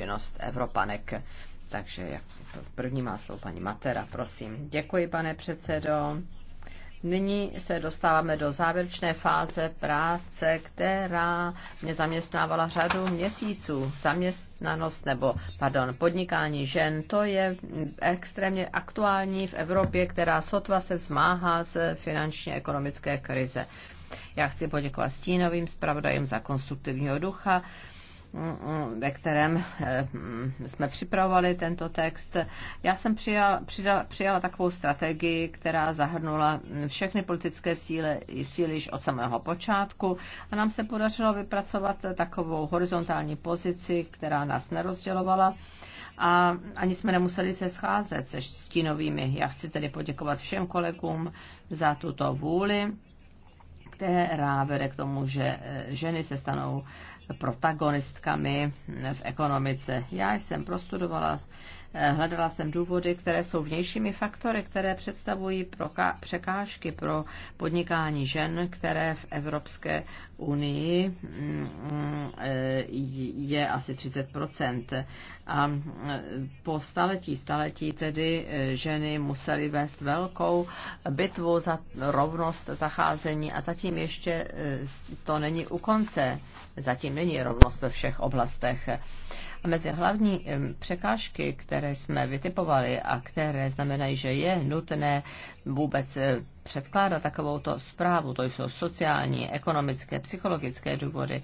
činnost Evropanek. Takže první má slovo paní Matera, prosím. Děkuji, pane předsedo. Nyní se dostáváme do závěrečné fáze práce, která mě zaměstnávala řadu měsíců. Zaměstnanost nebo, pardon, podnikání žen, to je extrémně aktuální v Evropě, která sotva se zmáhá z finančně ekonomické krize. Já chci poděkovat stínovým zpravodajům za konstruktivního ducha ve kterém eh, jsme připravovali tento text. Já jsem přijala, přidala, přijala takovou strategii, která zahrnula všechny politické síly, síly již od samého počátku a nám se podařilo vypracovat takovou horizontální pozici, která nás nerozdělovala a ani jsme nemuseli se scházet se stínovými. Já chci tedy poděkovat všem kolegům za tuto vůli která vede k tomu, že eh, ženy se stanou protagonistkami v ekonomice. Já jsem prostudovala Eh, hledala jsem důvody, které jsou vnějšími faktory, které představují překážky pro podnikání žen, které v Evropské unii mm, eh, je asi 30 A eh, po staletí, staletí tedy ženy musely vést velkou bitvu za rovnost zacházení a zatím ještě to není u konce, zatím není rovnost ve všech oblastech. A mezi hlavní překážky, které jsme vytipovali a které znamenají, že je nutné vůbec e, předkládat takovouto zprávu, to jsou sociální, ekonomické, psychologické důvody,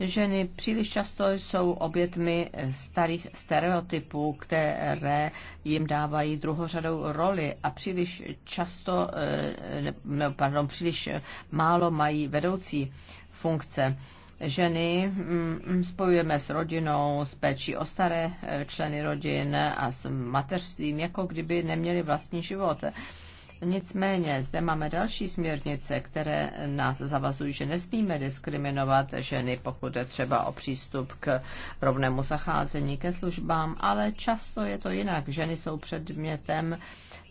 Ženy příliš často jsou obětmi e, starých stereotypů, které jim dávají druhořadou roli a příliš často, e, ne, pardon, příliš málo mají vedoucí funkce ženy mm, mm, spojujeme s rodinou, s péčí o staré eh, členy rodin a s mateřstvím, jako kdyby neměli vlastní život. Nicméně zde máme další směrnice, které nás zavazují, že nesmíme diskriminovat ženy, pokud je třeba o přístup k rovnému zacházení ke službám, ale často je to jinak. Ženy jsou předmětem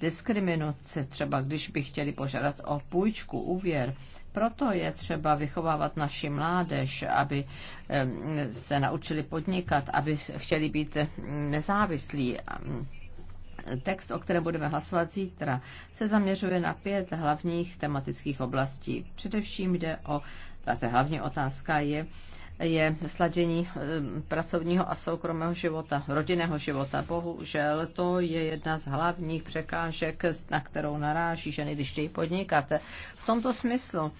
diskriminace, třeba když by chtěli požádat o půjčku, úvěr proto je třeba vychovávat naši mládež, aby se naučili podnikat, aby chtěli být nezávislí. Text, o kterém budeme hlasovat zítra, se zaměřuje na pět hlavních tematických oblastí. Především jde o, ta hlavní otázka je, je sladění eh, pracovního a soukromého života, rodinného života. Bohužel to je jedna z hlavních překážek, na kterou naráží ženy, když chtějí podnikat. V tomto smyslu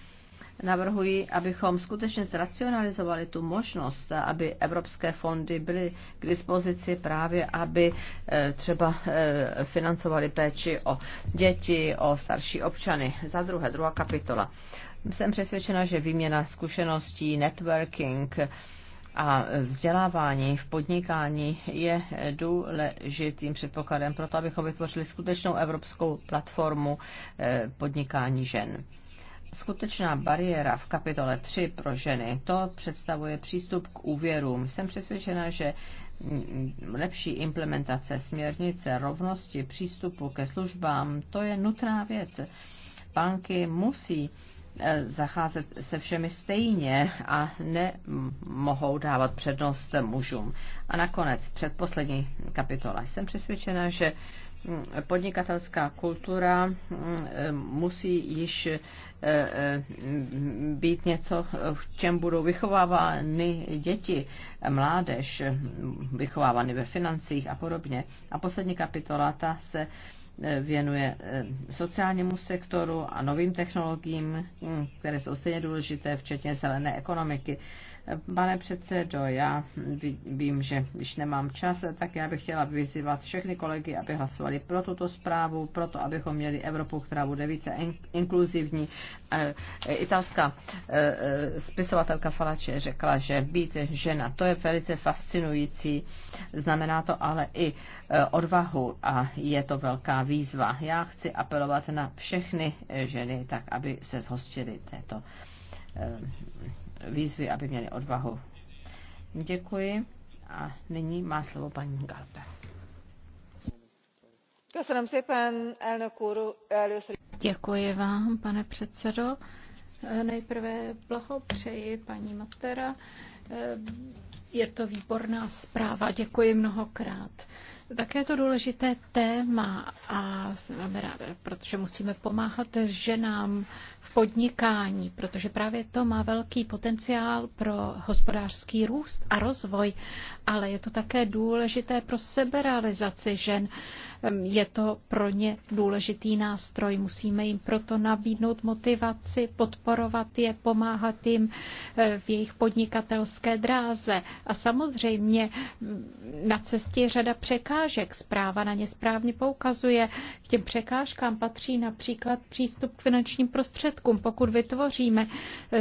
navrhuji, abychom skutečně zracionalizovali tu možnost, aby evropské fondy byly k dispozici právě, aby eh, třeba eh, financovali péči o děti, o starší občany. Za druhé, druhá kapitola. Jsem přesvědčena, že výměna zkušeností, networking, a vzdělávání v podnikání je důležitým předpokladem pro to, abychom vytvořili skutečnou evropskou platformu eh, podnikání žen. Skutečná bariéra v kapitole 3 pro ženy, to představuje přístup k úvěrům. Jsem přesvědčena, že mm, lepší implementace směrnice rovnosti přístupu ke službám, to je nutná věc. Banky musí Eh, zacházet se všemi stejně a nemohou dávat přednost mužům. A nakonec předposlední kapitola. Jsem přesvědčena, že hm, podnikatelská kultura hm, musí již eh, eh, být něco, v čem budou vychovávány děti, mládež, hm, vychovávány ve financích a podobně. A poslední kapitola, ta se věnuje eh, sociálnímu sektoru a novým technologiím, hm, které jsou stejně důležité, včetně zelené ekonomiky. Pane předsedo, já vím, že když nemám čas, tak já bych chtěla vyzývat všechny kolegy, aby hlasovali pro tuto zprávu, proto abychom měli Evropu, která bude více inkluzivní. E, italská e, e, spisovatelka Falače řekla, že být žena, to je velice fascinující, znamená to ale i odvahu a je to velká výzva. Já chci apelovat na všechny ženy, tak aby se zhostily této výzvy, aby měli odvahu. Děkuji a nyní má slovo paní Galpe. Děkuji vám, pane předsedo. Nejprve blahopřeji paní Matera. Je to výborná zpráva, děkuji mnohokrát. Také je to důležité téma, a velmi ráda, protože musíme pomáhat ženám v podnikání, protože právě to má velký potenciál pro hospodářský růst a rozvoj, ale je to také důležité pro seberealizaci žen. Ehm, je to pro ně důležitý nástroj. Musíme jim proto nabídnout motivaci, podporovat je, pomáhat jim ehm, v jejich podnikatelské dráze. A samozřejmě ehm, na cestě je řada překážek. Zpráva na ně správně poukazuje. K těm překážkám patří například přístup k finančním prostředkům. Pokud vytvoříme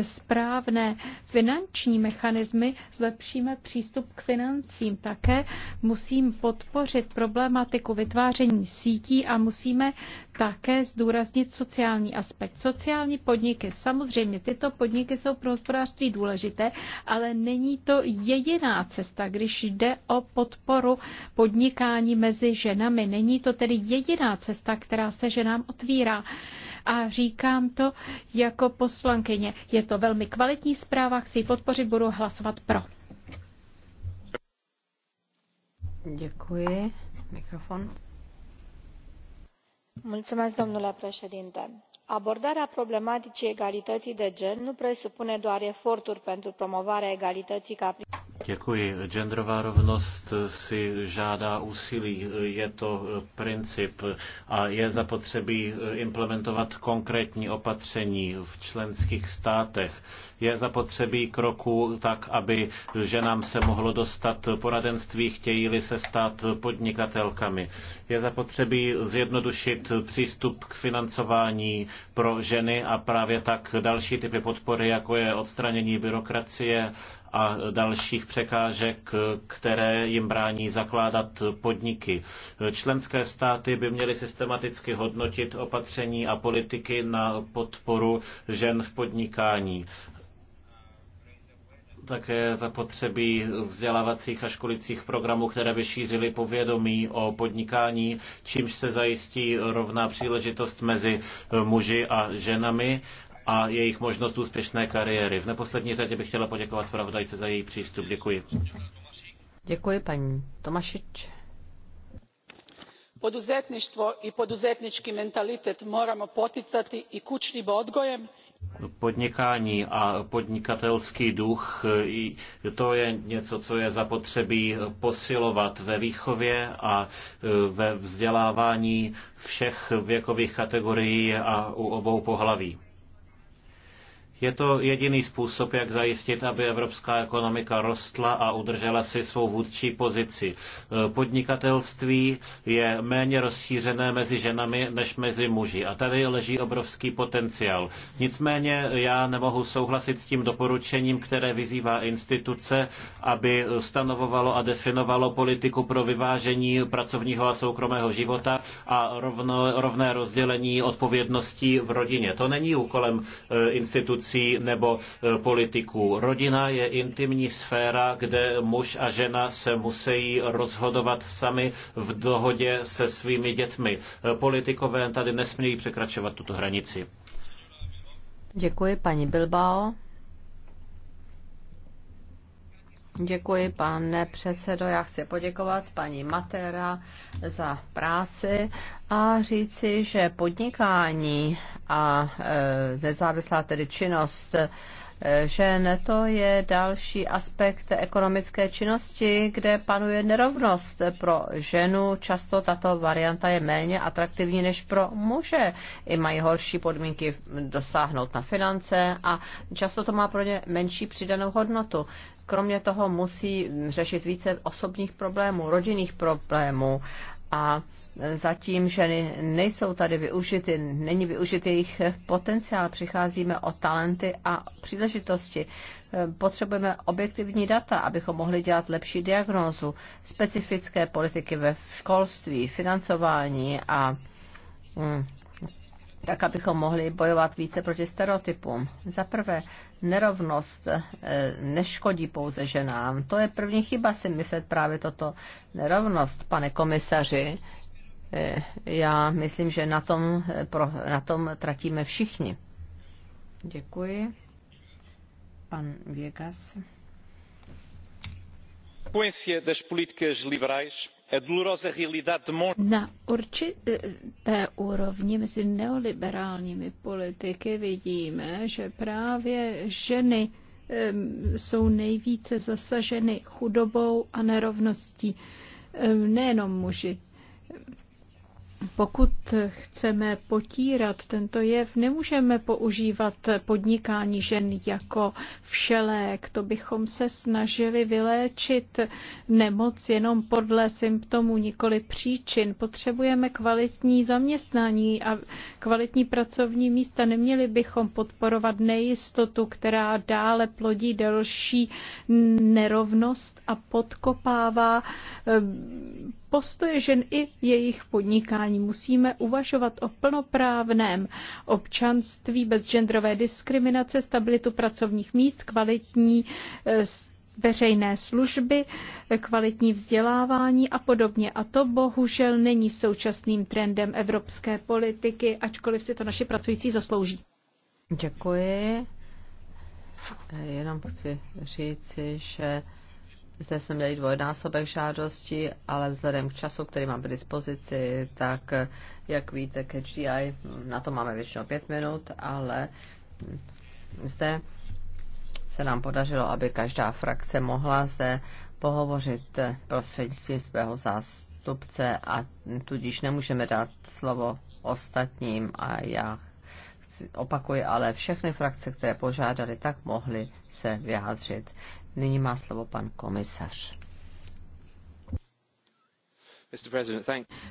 správné finanční mechanismy, zlepšíme přístup k financím. Také musím podpořit problematiku vytváření vytváření sítí a musíme také zdůraznit sociální aspekt. Sociální podniky, samozřejmě tyto podniky jsou pro hospodářství důležité, ale není to jediná cesta, když jde o podporu podnikání mezi ženami. Není to tedy jediná cesta, která se ženám otvírá a říkám to jako poslankyně. Je to velmi kvalitní zpráva, chci podpořit, budu hlasovat pro. Děkuji. Mikrofon domnule președinte abordarea problematicii egalității de gen nu presupune doar eforturi pentru promovarea egalității ca principiu. Děkuji. Genderová rovnost si žádá úsilí, je to princip a je zapotřebí implementovat konkrétní opatření v členských státech. Je zapotřebí kroků tak, aby ženám se mohlo dostat poradenství, chtějí-li se stát podnikatelkami. Je zapotřebí zjednodušit přístup k financování pro ženy a právě tak další typy podpory, jako je odstranění byrokracie a dalších překážek, které jim brání zakládat podniky. Členské státy by měly systematicky hodnotit opatření a politiky na podporu žen v podnikání také zapotřebí vzdělávacích a školicích programů, které by šířily povědomí o podnikání, čímž se zajistí rovná příležitost mezi muži a ženami a jejich možnost úspěšné kariéry. V neposlední řadě bych chtěla poděkovat zpravodajce za její přístup. Děkuji. Děkuji, paní Tomašič. Poduzetništvo i poduzetnický mentalitet moramo poticati i kućnim odgojem Podnikání a podnikatelský duch, to je něco, co je zapotřebí posilovat ve výchově a e, ve vzdělávání všech věkových kategorií a u obou pohlaví. Je to jediný způsob, jak zajistit, aby evropská ekonomika rostla a udržela si svou vůdčí pozici. E, podnikatelství je méně rozšířené mezi ženami než mezi muži a tady leží obrovský potenciál. Nicméně já nemohu souhlasit s tím doporučením, které vyzývá instituce, aby stanovovalo a definovalo politiku pro vyvážení pracovního a soukromého života a rovno, rovné rozdělení odpovědností v rodině. To není úkolem e, instituce institucí nebo eh, politiků. Rodina je intimní sféra, kde muž a žena se musí rozhodovat sami v dohodě se svými dětmi. Eh, politikové tady nesmějí překračovat tuto hranici. Děkuji, paní Bilbao. Děkuji, pane předsedo. Já chci poděkovat paní Matera za práci a říci, že podnikání a e, nezávislá tedy činnost ne to je další aspekt ekonomické činnosti, kde panuje nerovnost. Pro ženu často tato varianta je méně atraktivní než pro muže. I mají horší podmínky dosáhnout na finance a často to má pro ně menší přidanou hodnotu kromě toho musí řešit více osobních problémů, rodinných problémů a zatím ženy nejsou tady využity, není využit jejich potenciál, přicházíme o talenty a příležitosti. Potřebujeme objektivní data, abychom mohli dělat lepší diagnózu, specifické politiky ve školství, financování a mm, tak abychom mohli bojovat více proti stereotypům. Za prvé, nerovnost eh, neškodí pouze ženám. To je první chyba si myslet právě toto. Nerovnost, pane komisaři, eh, já myslím, že na tom, eh, na tom tratíme všichni. Děkuji. Pan Věgas. Consequência das políticas liberais na určité úrovni mezi neoliberálními politiky vidíme, že právě ženy jsou nejvíce zasaženy chudobou a nerovností. Nejenom muži. Pokud chceme potírat tento jev, nemůžeme používat podnikání žen jako všelék. To bychom se snažili vyléčit nemoc jenom podle symptomů, nikoli příčin. Potřebujeme kvalitní zaměstnání a kvalitní pracovní místa. Neměli bychom podporovat nejistotu, která dále plodí další nerovnost a podkopává eh, postoje žen i jejich podnikání. Musíme uvažovat o plnoprávném občanství bez genderové diskriminace, stabilitu pracovních míst, kvalitní eh, veřejné služby, eh, kvalitní vzdělávání a podobně. A to bohužel není současným trendem evropské politiky, ačkoliv si to naši pracující zaslouží. Děkuji. Eh, jenom chci říci, že zde jsme měli dvojnásobek žádosti, ale vzhledem k času, který mám k dispozici, tak jak víte, ke HDI na to máme většinou pět minut, ale zde se nám podařilo, aby každá frakce mohla zde pohovořit prostřednictvím svého zástupce a tudíž nemůžeme dát slovo ostatním a já Opakuje ale všechny frakce, které požádali, tak mohly se vyjádřit. Nyní má slovo pan komisař.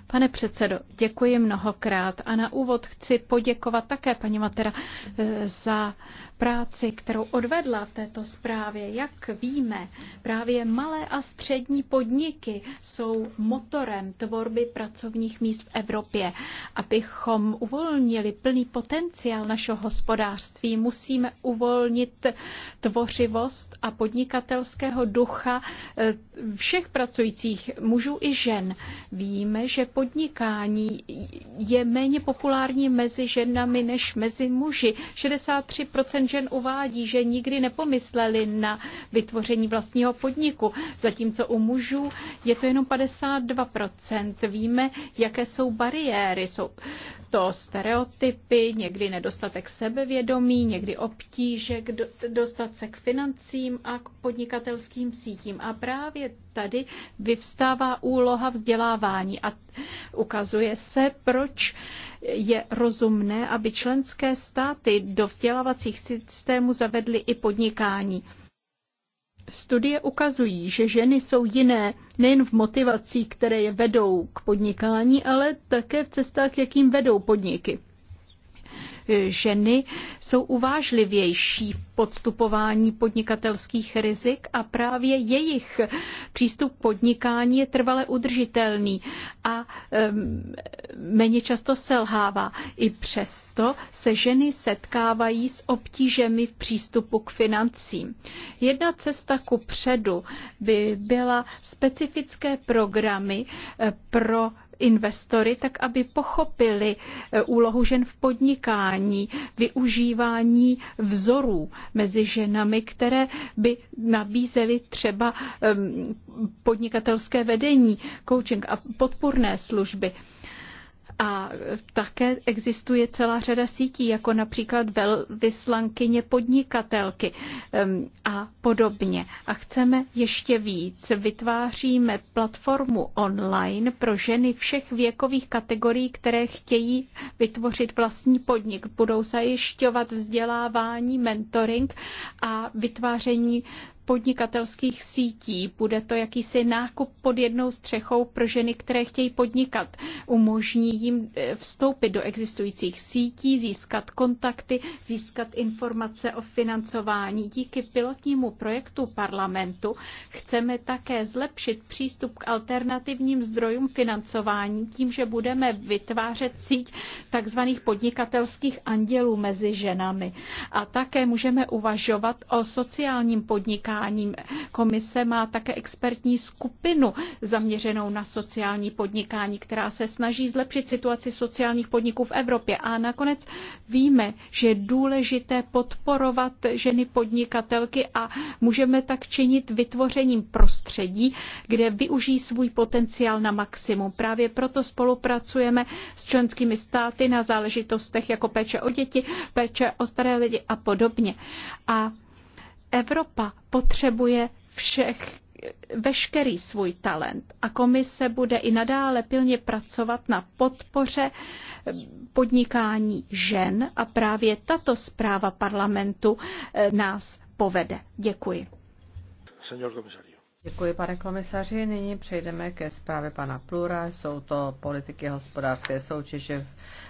Pane předsedo, děkuji mnohokrát a na úvod chci poděkovat také paní Matera eh, za práci, kterou odvedla v této zprávě. Jak víme, právě malé a střední podniky jsou motorem tvorby pracovních míst v Evropě. Abychom uvolnili plný potenciál našeho hospodářství, musíme uvolnit tvořivost a podnikatelského ducha eh, všech pracujících mužů i žen Víme, že podnikání je méně populární mezi ženami než mezi muži. 63% žen uvádí, že nikdy nepomysleli na vytvoření vlastního podniku, zatímco u mužů je to jenom 52%. Víme, jaké jsou bariéry. Jsou to stereotypy, někdy nedostatek sebevědomí, někdy obtíže k dostat se k financím a k podnikatelským sítím. A právě tady vyvstává úloha vzdělání vzdělávání. A ukazuje se, proč je rozumné, aby členské státy do vzdělávacích systémů zavedly i podnikání. Studie ukazují, že ženy jsou jiné nejen v motivacích, které je vedou k podnikání, ale také v cestách, jakým vedou podniky ženy jsou uvážlivější v podstupování podnikatelských rizik a právě jejich přístup k podnikání je trvale udržitelný a méně často selhává. I přesto se ženy setkávají s obtížemi v přístupu k financím. Jedna cesta ku předu by byla specifické programy eh, pro investory, tak aby pochopili eh, úlohu žen v podnikání, využívání vzorů mezi ženami, které by nabízely třeba podnikatelské vedení, coaching a podpůrné služby. A také existuje celá řada sítí, jako například velvyslankyně podnikatelky a podobně. A chceme ještě víc. Vytváříme platformu online pro ženy všech věkových kategorií, které chtějí vytvořit vlastní podnik. Budou zajišťovat vzdělávání, mentoring a vytváření podnikatelských sítí. Bude to jakýsi nákup pod jednou střechou pro ženy, které chtějí podnikat. Umožní jim eh, vstoupit do existujících sítí, získat kontakty, získat informace o financování. Díky pilotnímu projektu parlamentu chceme také zlepšit přístup k alternativním zdrojům financování tím, že budeme vytvářet síť tzv. podnikatelských andělů mezi ženami. A také můžeme uvažovat o sociálním podnikání jednáním. Komise má také expertní skupinu zaměřenou na sociální podnikání, která se snaží zlepšit situaci sociálních podniků v Evropě. A nakonec víme, že je důležité podporovat ženy podnikatelky a můžeme tak činit vytvořením prostředí, kde využijí svůj potenciál na maximum. Právě proto spolupracujeme s členskými státy na záležitostech jako péče o děti, péče o staré lidi a podobně. A Evropa potřebuje všech, veškerý svůj talent a komise bude i nadále pilně pracovat na podpoře podnikání žen a právě tato zpráva parlamentu eh, nás povede. Děkuji. Děkuji, pane komisaři. Nyní přejdeme ke zprávě pana Plura. Jsou to politiky hospodářské soutěže v